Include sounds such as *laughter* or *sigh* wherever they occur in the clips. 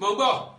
猛爆！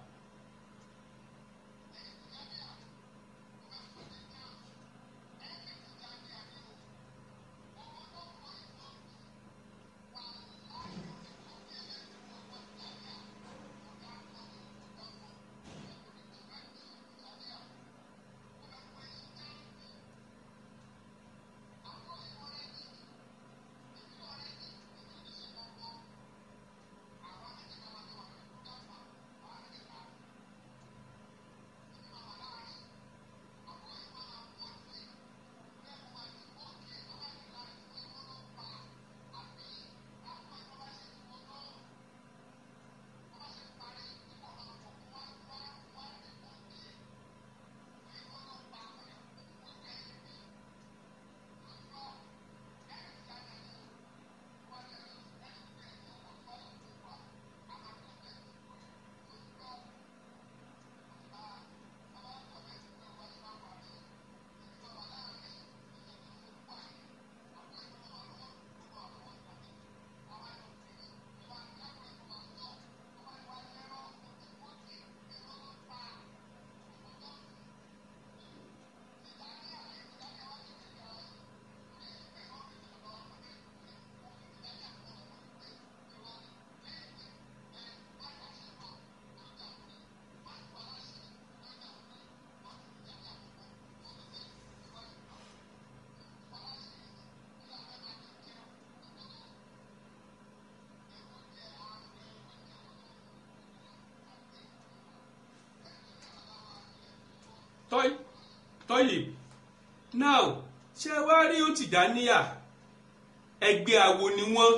tọ́yì now ṣé wá rí ó Tìjàníyà ẹgbẹ́ awo ni wọ́n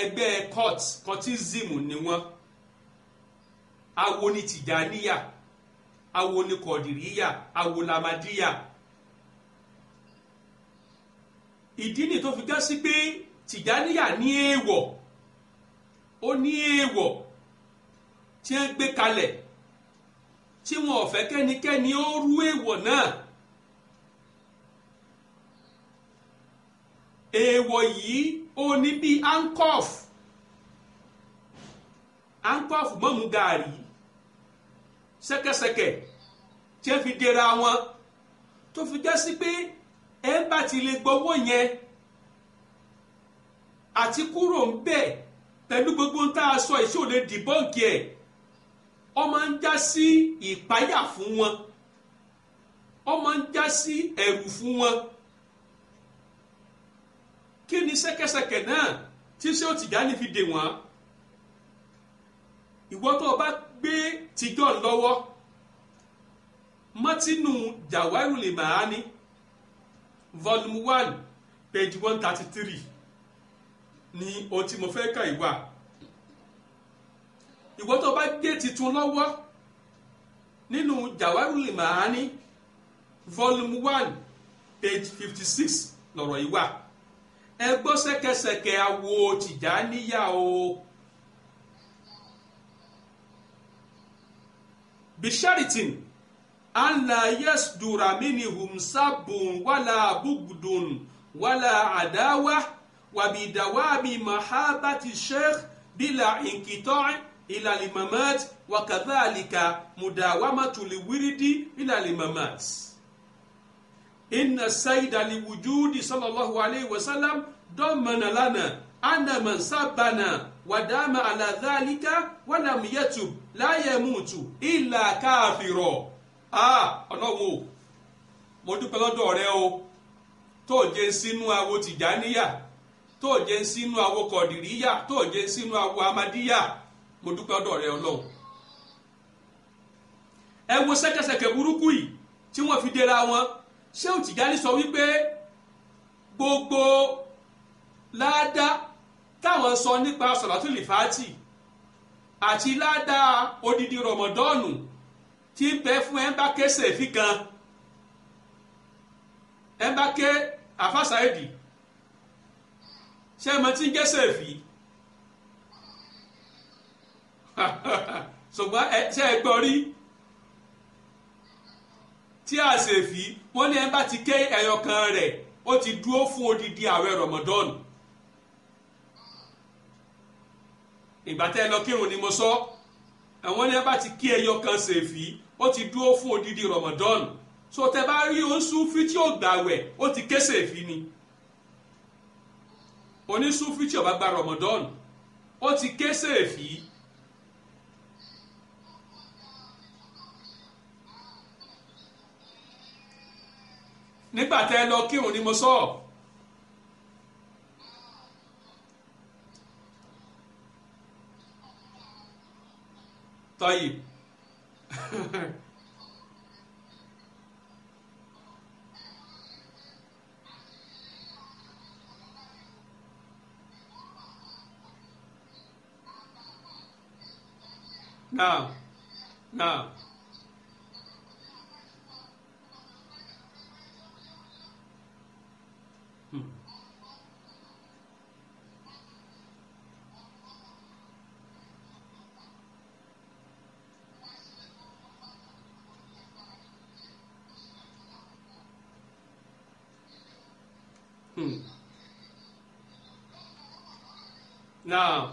ẹgbẹ́ cult cultism ni wọ́n awo ni Tìjàníyà awo ni kọ̀dìríyà awo lamadíyà ìdí ni tó fi já sí pé Tìjàníyà ní èèwọ̀ ó ní èèwọ̀ tí wọ́n gbé kalẹ̀ tí wọn ò fẹ́ kẹ́nikẹ́ni ó rú èèwọ̀ náà èèwọ̀ yìí ó ní bíi ankoff ankoff mọ́mú gaari ṣẹ́kẹ́ṣẹkẹ̀ tí wọ́n fi dera wọn tó fi jẹ́ pé ẹ̀ bá ti lè gbọ́wọ́ yẹn àti kúrò ń bẹ̀ pẹ̀lú gbogbo ń tá a sọ ìṣòlè dìbọ́ǹkì ẹ̀ ó máa ń já sí ìpáyà fún wọn ó máa ń já sí ẹ̀rù fún wọn kí ni ṣẹ̀kẹ̀ṣẹ̀kẹ̀ náà tí ṣé ó Tìjàní fi dè wọ́n ìwọ tó o bá gbé tìjọ́ lọ́wọ́ mọ́tínú jàwáìrù lè máa ní volume one page one thirty three ni o tí mo fẹ́ kà ìwà ìwọ tó bá gé titun lọ́wọ́ nínú Jawarul Mahani volume one page fifty six lọ́rọ̀ yìí wà ẹ gbọ́ ṣẹ́kẹ́ṣẹkẹ̀ awo Tìjàníyà o. bisharitin anna yasdura minhum sabun wala bugdun wala adawa wàbìdàwàbì mahabati sheikh bila inkitọ́rin ilàlì mamat wàkàtà àlìkà mùdàwámàtúlì wírídì ilàlì mamat inna sayidali wujudi sallallahu alayhi wa sallam dọ́mọ̀nà lánàá anaman sábànà wàdàmà àlàdálíkà wàlàmìyẹtù láyẹmùtù ìlà káàfìrọ̀ ọlọ́wọ́ mo dúpẹ́ lọ́dọ̀ rẹ o tó jẹ́ sínú awo tìjàníyà tó jẹ́ sínú awo kọ̀dìríyà tó jẹ́ sínú awo amadíyà mo dúpẹ́ ọ̀dọ̀ rẹ ọlọ́run ẹ wo ṣẹ́kẹ́ṣẹkẹ̀ burúkú yìí tí wọ́n fi dera wọn ṣéun tìjáni sọ wípé gbogbo láàdá táwọn sọ nípa sọ̀làtúlì fàátì àti láàdá odidi rọmọdọ́ọ̀nù tí ń bẹ fún ẹ̀ńbákẹ́ sèfì kan ẹ̀ńbákẹ́ àfàṣàìdì ṣé tí ń jẹ́ sèfì *laughs* ṣùgbọ́n ẹ é gbọ́ rí tí a ṣe fi wọ́n ní ẹ bá ti ké ẹyọ kan rẹ̀ ó ti dúró fún odidi àwẹ̀ Ramadan ìgbà tẹ́ ẹ lọ kírun ni mo sọ àwọn ní ẹ bá ti ké ẹyọ kan ṣe fi ó ti dúró fún odidi Ramadan so tẹ́ bá rí oníṣúfì tí ó gbàwẹ̀ ó ti ké ṣe fi ni oníṣúfì tí ó bá gba Ramadan ó ti ké ṣe fi. nígbà tẹ́ ẹ lọ kírun ni mo sọ ọ́. *laughs* now now. Hmm. Now,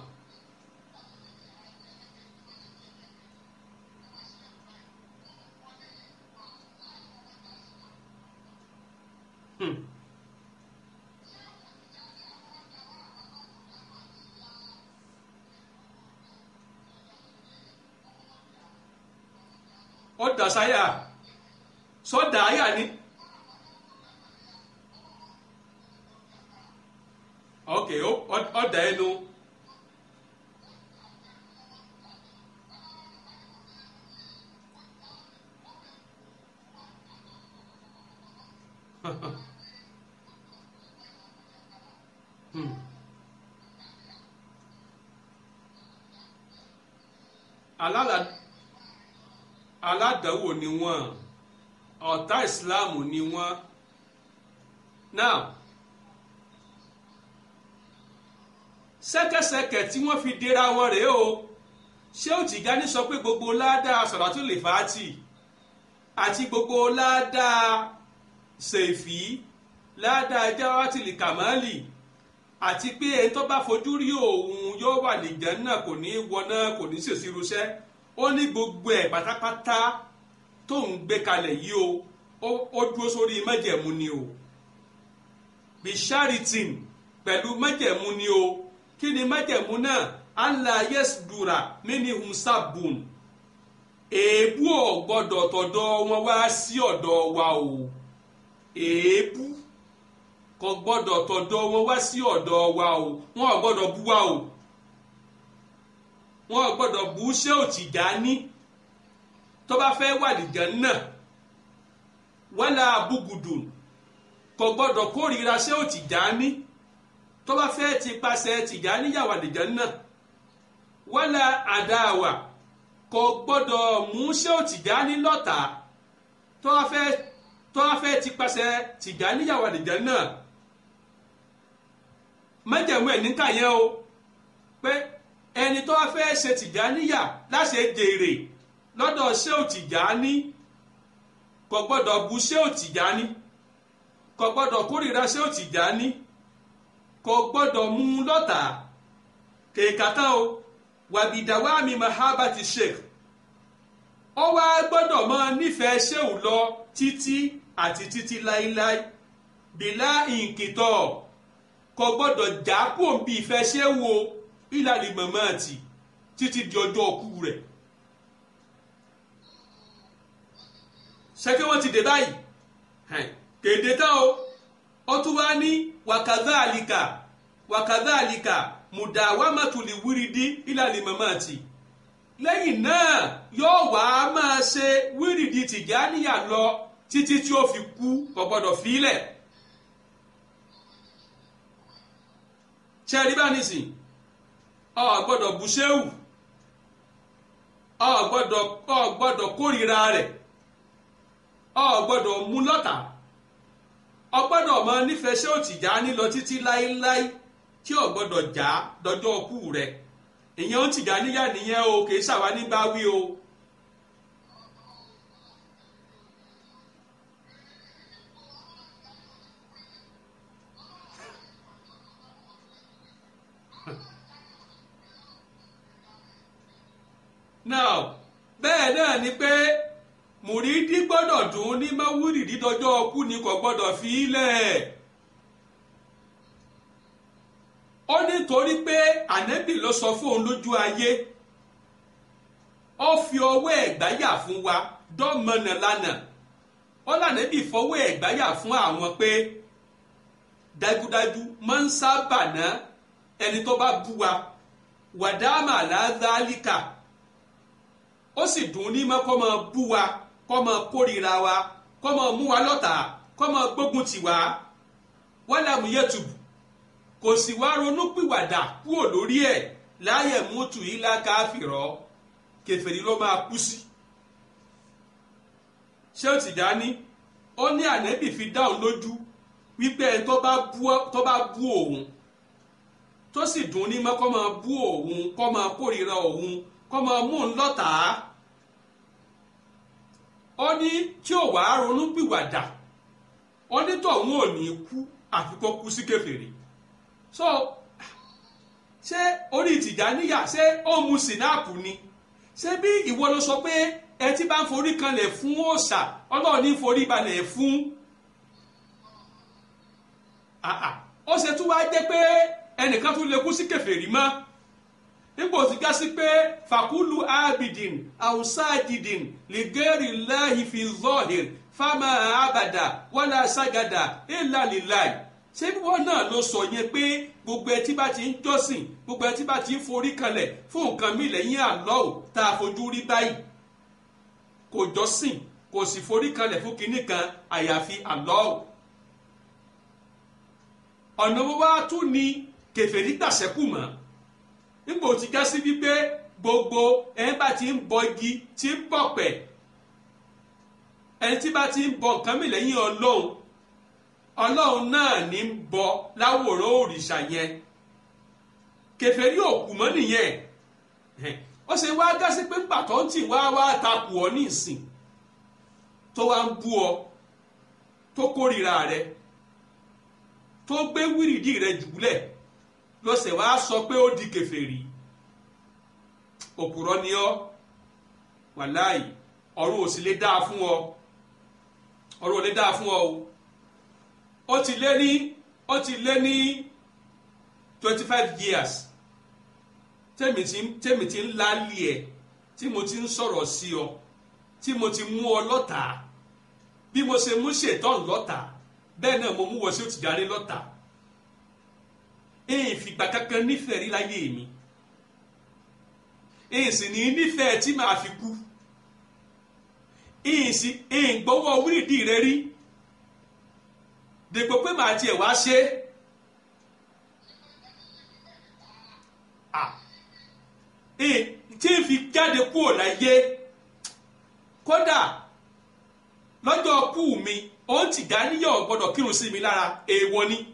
hmm. ó dà sáyà sọ́dà ayà ni Hmm. aládàáwò ni wọ́n ọ̀tá ìsìláàmù ni wọ́n now ṣẹ́kẹ́ṣẹkẹ̀ tí wọ́n fi dera wọn rèé o ṣé ò Tìjání sọ pé gbogbo ládàá sọ̀rọ̀ tó lè fà á tì àti gbogbo ládàá ṣèfì ládàá jáwátìlì kàmáàlì àti pé ẹni tó bá fojú rí òun yóò wà ní Jánnà kò ní í wọná kò ní ṣèṣì irúṣẹ́ ó ní gbogbo ẹ̀ pátápátá tó ń gbé kalẹ̀ yìí o ó dúró sórí májẹ̀mú ni o bisharitin pẹ̀lú májẹ̀mú ni o kí ni májẹ̀mú náà allah yesdura mini humsabun èébú ò gbọ́dọ̀ tọ̀dọ̀ wọn wá sí ọ̀dọ̀ wa o èébú. E kò gbọ́dọ̀ tọ̀dọ̀ wọn wá sí ọ̀dọ̀ wa o wọn ò gbọ́dọ̀ bú wa o wọn ò gbọ́dọ̀ bú ṣé ò tì dá ní tó bá fẹ́ wà lìjẹ́ náà wálá abúgudù kò gbọ́dọ̀ kórìíra ṣé ò tì dá ní tó bá fẹ́ ti paṣẹ tì dá níyàwó àlìjẹ́ náà wálá àdáwà kò gbọ́dọ̀ mú ṣé ò tì dá ní lọ́tàá tó bá fẹ́ tó bá fẹ́ ti paṣẹ tì dá níyàwó àlìjẹ́ náà májẹ̀mú ẹ̀ níkà yẹn o pé ẹni tó wá fẹ́ ṣe tìjàníyà láṣẹ jèrè lọ́dọ̀ ṣé ò tìjàní kò gbọ́dọ̀ bu ṣé ò tìjàní kò gbọ́dọ̀ kórìíra ṣé ò tìjàní kò gbọ́dọ̀ mú un lọ́tà kèékàtà o wàbìdàwà mi mahaba ti sheikh ó wá gbọ́dọ̀ máa nífẹ̀ẹ́ ṣéwù lọ títí àti títí láíláí bìlá ìǹkìtọ̀ kò gbọ́dọ̀ já kó ń bí ìfẹ́ ṣé wo ìlànà mọ̀mọ́ àti títí di ọjọ́ ọkú rẹ̀ ṣẹ́kẹ́ wọ́n ti dé báyìí kéde tán o ó tún wá ní wàkàdá àlìkà wàkàdá àlìkà mùdàwámàtúlì wíridí ìlànà mọ̀mọ́ àti lẹ́yìn náà yóò wá máa ṣe wíridí tìjáníyà lọ títí tí ó fi kú kò gbọ́dọ̀ fílẹ̀. ṣe rí bá nísìn ọ gbọ́dọ̀ bu ṣéwù ọ gbọ́dọ̀ ọ gbọ́dọ̀ kórìíra rẹ̀ ọ gbọ́dọ̀ mú lọ́tà ọ gbọ́dọ̀ mọ nífẹ̀ẹ́ ṣé òtìjà nílọ títí láéláé tí ọ gbọ́dọ̀ já dọjọ́ ọkú rẹ̀ ìyẹn ó níyà nìyẹn o kì í ṣàwa nígbà wí o. now bẹ́ẹ̀ náà ni pé mùrídí gbọ́dọ̀ dùn ní máwúrì dídọjọ́ ọkú ni kò gbọ́dọ̀ fi í lẹ̀ ó nítorí pé ànẹ́bì ló sọ ayé ó fi ọwọ́ ẹ̀gbáyà fún wa dọ́mọ̀nà lánàá ó lànẹ́bì fọwọ́ ẹ̀gbáyà fún àwọn pé dájúdájú máa ń sábà ná ẹni tó bá bú wa ó sì dùn ní mọ́ kó máa bú wa kó máa kórìíra wa kó máa mú wa lọ́tàá kó máa gbógun tì wá wálàmù yẹtùbù kò sì wá ronú pìwàdà kúò lórí ẹ̀ láyé mútu ilá káfìrọ́ kèfèrí ló máa kú sí. ṣé o ti dání ó ní ànẹ́bì fi dáhùn lójú wípé ẹni tó bá bú òun tó sì dùn ní mọ́ kó máa bú òun kó máa kórìíra òun kó mú un lọ́tàá ó ní tí ò wá ronú pìwàdà ó ní tọ̀hún ò ní kú àfi kú sí kèfèrí so ṣé orí Tìjàníyà ṣé ó mu sinapu ni ṣé bí ìwọ ló sọ pé ẹ ti bá ń forí kanlẹ̀ fún òòṣà ọlọ́run ní forí balẹ̀ fún ó ṣe tún wá jẹ́ pé ẹnìkan tún lè kú sí kèfèrí mọ́ nígbà tí ká sí pé fàkúlù abidin awusajidin ligeri lahifi zọhìr fama abada wàlá sagada ìlàlíláì ṣé wọ́n náà ló sọ yẹn pé gbogbo ẹ tí bá ti ń jọ́sìn gbogbo ẹ tí bá ti ń forí kanlẹ̀ fún nǹkan mi lẹ́yìn àlọ́ò tá a fojú rí báyìí kò jọ́sìn kò sì forí kanlẹ̀ fún kinní kan àyàfi àlọ́ò ọ̀nà wo wá tún ni kèfèrí gbàṣẹ́kù mọ́ nígbà tí já sí wípé gbogbo ẹni bá ti ń bọ igi ti ń bọ pẹ ẹni tí bá ti ń bọ nǹkan mi lẹ́yìn ọlọ́run ọlọ́run náà ní ń bọ láwòrán òrìṣà yẹn kèfèrí òkú mọ́ nìyẹn ó ṣe wá gá pé pàtó ń tì wá wá takù ọ ní ìsìn tó wá ń bú ọ tó kórìíra rẹ tó gbé wíìrìdì rẹ jùlẹ̀ ló ṣe wá sọ pé ó di kèfèrí òpùrọ́ ni ọ́ wàláì ọ̀rọ̀ ò sì lè dáa fún ọ ọ̀rọ̀ ò lè dáa fún ọ o ó ti lé ní ó ti lé ní twenty five years tèmi ti tèmi ti ń lálé ẹ̀ tí mo ti ń sọ̀rọ̀ sí ọ tí mo ti mú ọ lọ́tàá bí mo ṣe mú ṣètọ́ lọ́tàá bẹ́ẹ̀ náà mo mú wọ sí òtìjáde lọ́tàá ehi fi gbakakkan la ya emi ehi si ni nifee ti ma fi kuu ehi gbowoo onwere diire ri diigbo pe ma a ji ewa se ah nke fi kede koo laye koda lojo ku mi o n ti daniyo gbodo kirun si mi lara ewoni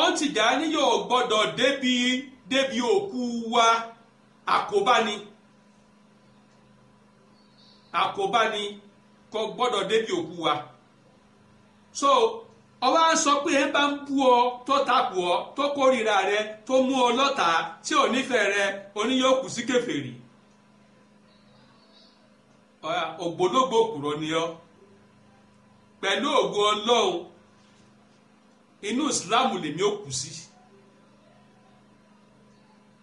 ọ̀n Tìjàní yóò gbọ́dọ̀ débi débi òkú wa àkóbá ni àkóbá ni kò wa so ọba ń sọ pé ẹ bá ń bú ọ tọ takò ọ tọ kórìíra rẹ tọ mú ọ lọ́tàá tí ò rẹ inú Islamu lèmi ò kù sí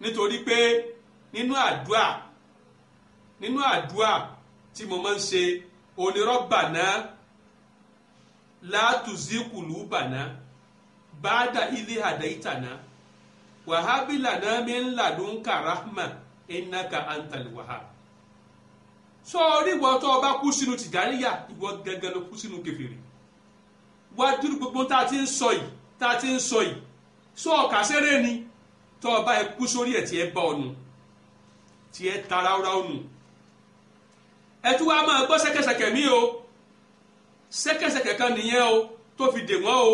nítorí pé nínú àdúà nínú àdúà tí mo máa ń ṣe onírọ́bà náà látùzí kùlùbà náà báàdà ilé àdáyìtà náà wàhábìlà náà mi ń ladunka rahma innaka antal wahhab sọ orí ìwọ tó o bá kú sínú tìjáníyà ìwọ gẹ́gẹ́ ló kú sínú kèfèrí wájú gbogbo tá a ti ń sọ yìí tá a ti ń sọ yìí sọ ọ̀kà sẹ́rẹ́ ni tọ́ ọba ẹ kú sórí ẹ̀ tí ẹ bá ọ̀nù tí ẹ tara ọ̀rá ọ̀nù ẹ tún wá máa gbọ́ sẹ́kẹsẹkẹ mí o sẹ́kẹsẹkẹ kan nìyẹn o tó fi dè wọ́n o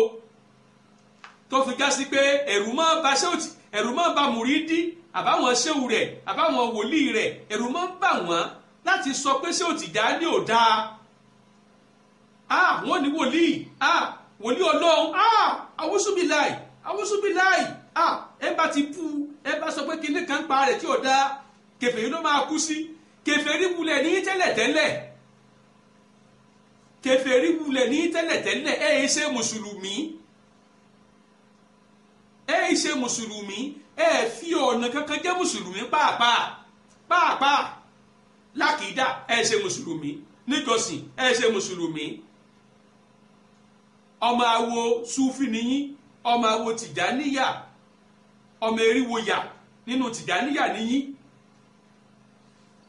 tó fi gá sí pé ẹ̀rù máa ba ṣéwùtì ẹ̀rù máa ba mùrídìí àbáwọn ṣéwù rẹ̀ àbáwọn wòlíì rẹ̀ ẹ̀rù máa bà wọ́n láti sọ pé ṣéwùtì dáa ní ò dáa wọ́n ní wòlíì wòlíì ọlọ́run awúsùbíláì awúsùbíláì ẹ bá ti bú ẹ bá sọ pé kinní kan pa rẹ̀ tí ò dáa kèfèrí ló máa kú sí kèfèrí wulẹ̀ ní tẹ́lẹ̀tẹ́lẹ̀ kèfèrí wulẹ̀ ní tẹ́lẹ̀tẹ́lẹ̀ ẹ̀ ẹ́ ṣe mùsùlùmí ẹ̀ ẹ́ ṣe mùsùlùmí ẹ̀ ẹ́ fi ọ̀nà kankan jẹ́ mùsùlùmí pàápàá pàápàá lákìdá ẹ̀ ẹ́ ṣe mùsùlùmí níjọsìn ẹ̀ ẹ́ ṣe mùsùlùmí ọmọ awo sufi nìyí ọmọ awo tìjáníyà ọmọ eriwoyà nínú tìjáníyà nìyí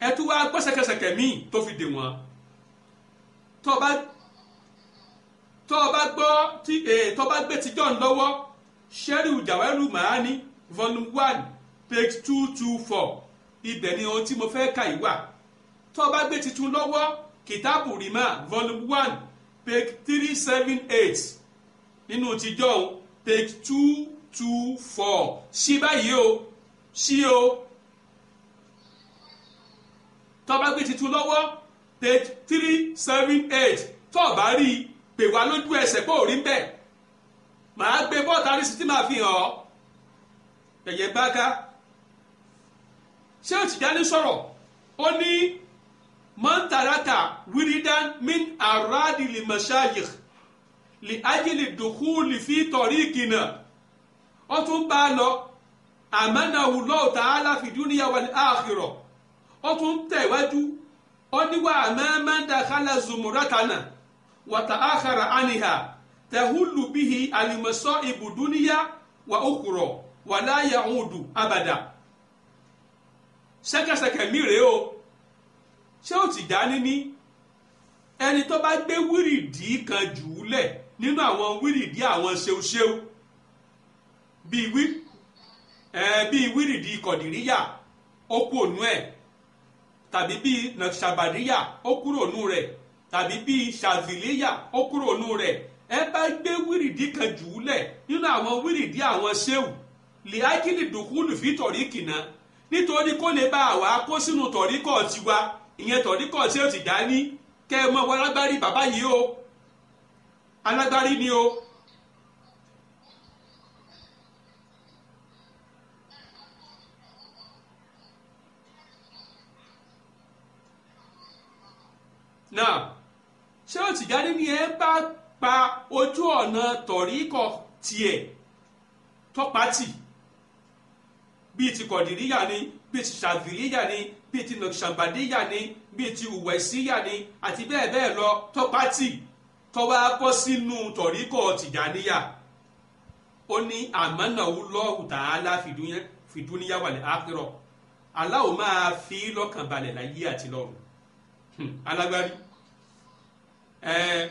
ẹ tún wá gbọ́ sẹ́kẹsẹ̀kẹ̀ míì tó fi dè wọ́n tó bá tó bá gbọ́ tí tó gbé ti John lọ́wọ́ sẹ́ríù jàwẹ́rù màání volume one page two two four ibẹ̀ ni ohun tí mo fẹ́ kà yìí wà tó gbé ti lọ́wọ́ kìtàbù rìmà volume one page three seven eight nínú tìjọ́ o page two two four ṣí báyìí o ṣí o tọ́ba gbé titun lọ́wọ́ page three seven eight tọ́ọ̀bá rí i pè wá lójú ẹsẹ̀ pé ò rí bẹ́ẹ̀ màá gbé bọ́ọ̀tà rí sí tí fi hàn ọ́ yẹ̀yẹ́ bá ká ṣé òtìjà ní sọ̀rọ̀ ó ní. من ترك وردا من أراد المشايخ لأجل الدخول في طريقنا ó tún bá a lọ amanahu Allahu ta'ala fi dunya wal akhirah ó tún tẹ̀wájú ó ní wa amma man dakhala zumuratana wa ta'akhara anha tahullu bihi al-masa'ibu dunya wa ukhra wa la ya'udu abada sẹ́kẹsẹ̀kẹ̀ mi rèé o ṣé ò Tìjání ní ẹni tó bá gbé wírìdì kan jù ú lẹ̀ nínú àwọn wírìdì àwọn ṣeuṣeu bíi wí bíi wírìdì kọ̀dìríyà ó kú ònú ẹ̀ tàbí bíi nàṣàbàdíyà ó kúrò ònú rẹ̀ tàbí bíi ṣàzìlíyà ó kúrò ònú rẹ̀ ẹ bá gbé wírìdì kan jù ú lẹ̀ nínú àwọn wírìdì àwọn ṣéwù lìákìlì dùkúlù fi tọ̀ríkì nítorí kó lè bá àwa kó sínú tọ̀ríkọ̀ tiwa ìyẹn tọ̀ríkọ̀ ṣé o ti dá ní kẹ́ ẹ mọ wọ alágbárí bàbá yìí o alágbárí ni o. náà ṣé o ti jáde ní ẹ bá pa ojú ọ̀nà tọ̀ríkọ̀ tiẹ̀ tọ́pátì bíi ti kọ̀dìríyà ni bíi ti ṣàdìríyà ni bíi ti nọ̀ṣàbàdíyà ni bíi ti ùwẹ̀síyà ni àti bẹ́ẹ̀ bẹ́ẹ̀ lọ tọ́pátì tọ́wá bọ́ sínú tọ̀ríkọ̀ tìjàníyà ó ní àmọ́nàwó lọ́hùn tààlà fìdúníyà wàlẹ̀ ákírọ̀ aláwo máa fi lọ́kàn balẹ̀ láyé àti lọ́run alágbárí ẹ̀ẹ́.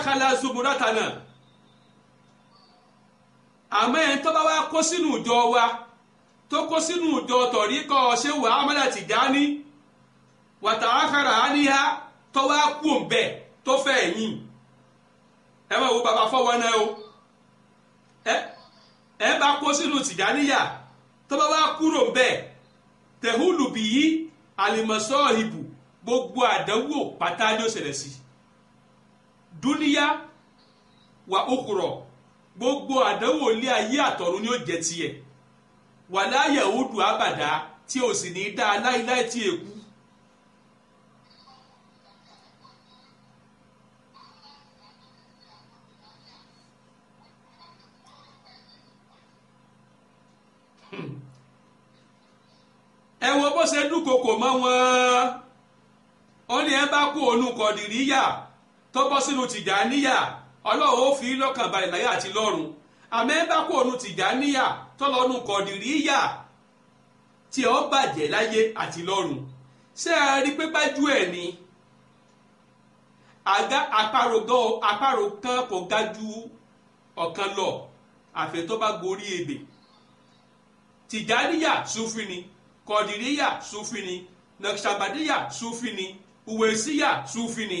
dákàlà zuburatana àmọ́ ẹni tó bá wá kó sínú ìjọ wa tó kó sínú ìjọ tọ̀ríkọ̀ ṣéwù amala tìjáni wàtàkàrà àníyá tó wá kú òǹbẹ tó fẹ́ yìn ẹ máa wo bàbá fọwọ́ náà o ẹ ẹ bá kó sínú tìjáníyà tó bá wá kúrò ń bẹ́ẹ̀ bìyí àlìmọ̀sọ́ ìbù gbogbo àdánwò pátá ni ṣẹlẹ̀ sí i. dúníyà wà ókùrọ̀ gbogbo àdánwò ilé ayé àtọ̀run ni ó jẹ́ tiẹ̀ wà láyẹ̀ òdù àbàdá tí o sì ní dáa dá aláìláì tí èkú. Hmm. ẹwọ wo bó ṣe dúnkokò mọ́ wọn ó ní ẹ bá kó onú kọ̀dìrí yà. tó bọ́ sínú tìjàníyà ọlọ́run ó fi lọ́kàn balẹ̀ láyé àti lọ́run àmẹ́bá kò nu tìjàníyà tọ́lọ́nu kọ̀dìríyà tí ó bàjẹ́ láyé àti lọ́run ṣé ẹ rí pé gbájú ẹ̀ ni àga àparò kan kò ga ju ọ̀kan lọ àfẹ́ tó bá gorí ebè tìjàníyà sufi ni kọ̀dìríyà sufi ni nàkṣàbàdíyà sufi ni uwèsíyà sufi ni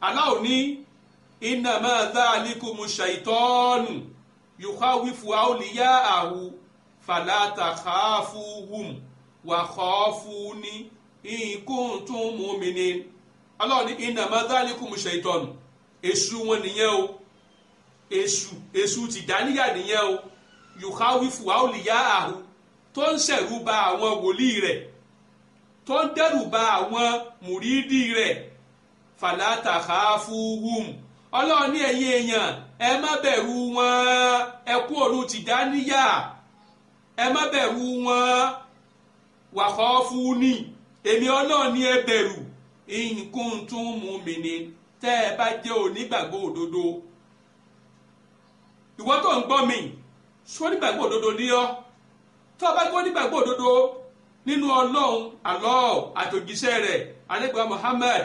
aláwo ní innama dhalikum shaitan yukhawifu awliya'ahu fala takhafuhum wa khafuni in kuntum mu'minin aláwo ní innama dhalikum shaitan èṣù wọn nìyẹn o èṣù èṣù Tìjàníyà nìyẹn o yukhawifu awliya'ahu tó ń ṣẹ̀rù ba àwọn wòlíì rẹ̀ tó ń dẹ́rù ba àwọn mùrídìí rẹ̀ fàlàtà káfúhùm ọlọ́run ní ẹ̀yin èèyàn ẹ má bẹ̀rù wọn ẹ kú òru tìjáníyà ẹ má bẹ̀rù wọn wàkọ́ fúnni èmi ọlọ́run ní ẹ bẹ̀rù nǹkan tún mú mi ni tẹ́ ẹ bá jẹ́ onígbàgbọ́ òdodo ìwọ tó ń gbọ́ mi sọ nígbàgbọ́ òdodo ní ọ́ tó o bá gbọ́ nígbàgbọ́ òdodo nínú ọlọ́run àlọ́ àtòjíṣẹ́ rẹ̀ alẹ́gbẹ̀ẹ́ Muhammad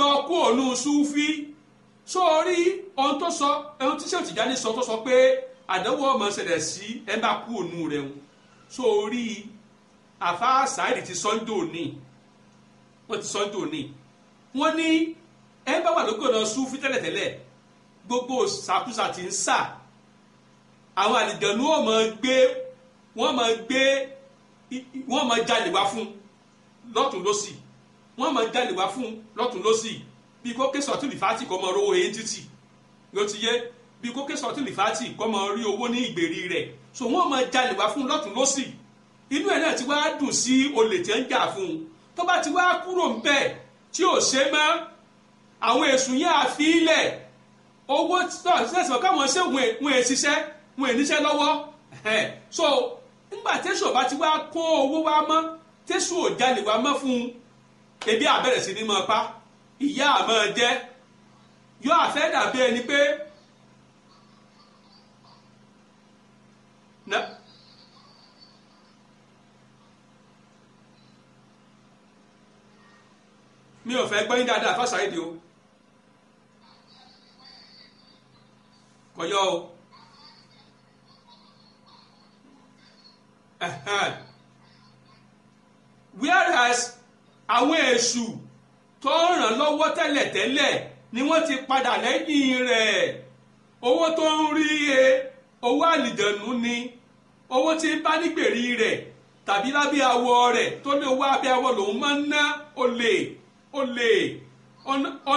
lọ kú ònú súfì sórí ohun tó sọ ohun tí sèwọ̀n tìjáde sọ tó sọ pé àdánwò ọmọ ṣẹlẹ̀ sí ẹ bá kú ònú rẹ̀ ń sórí àfáàsáìdì ti sọ́ńdò ní wọ́n ti sọ́ńdò ní wọ́n ní ẹ bá wà lókè ọ̀nà súfì tẹ́lẹ̀tẹ́lẹ̀ gbogbo sàkúsà ti ń sà àwọn àlìjẹ̀nu ò mọ̀ gbé wọ́n mọ̀ gbé wọ́n mọ̀ jalè wá fún lọ́tún lọ́sì wọ́n máa jalè wá fún un lọ́tún lọ́sì bí kò ké sọ́tún lìfàtì kọ́ mọ owó èyí títì ló ti yé bí kò ké sọ́tún lìfàtì kọ́ mọ rí owó ní ìgbèrí rẹ̀ so wọ́n máa jalè wá fún un lọ́tún lọ́sì inú ẹ̀ náà ti wá dùn sí olè tẹ́ ń jà fún un tó bá ti wá kúrò ń bẹ̀ tí ò ṣe mọ́ àwọn èṣù yẹn àfilẹ̀ owó tẹ̀sán káwọn ṣe wọn è ṣiṣẹ́ wọn è níṣẹ́ lọ́wọ́ so ńgbà tẹ́sán bá ti wá kó owó wá mọ́ tẹ́sán ò jalè wá mọ́ fún un ebi àbẹ̀rẹ̀ sí ní mọ pa ìyá àmọ́ jẹ́ yóò àfẹ́ dàbí ẹni pé mi ò fẹ́ gbọ́ yín dáadáa fásáyédè o kọyọ o whereas àwọn èṣù tó ràn lọ́wọ́ tẹ́lẹ̀tẹ́lẹ̀ ni wọ́n ti padà lẹ́yìn rẹ̀ owó tó ń rí e owó àlìjẹ̀nu ni owó tí ń bá nígbèrí rẹ̀ tàbí lábẹ́ awọ rẹ̀ tó ní owó abẹ́ awọ lòun máa ń ná olè olè wọn ò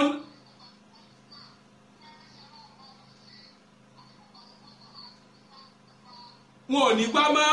ní gbá mọ́.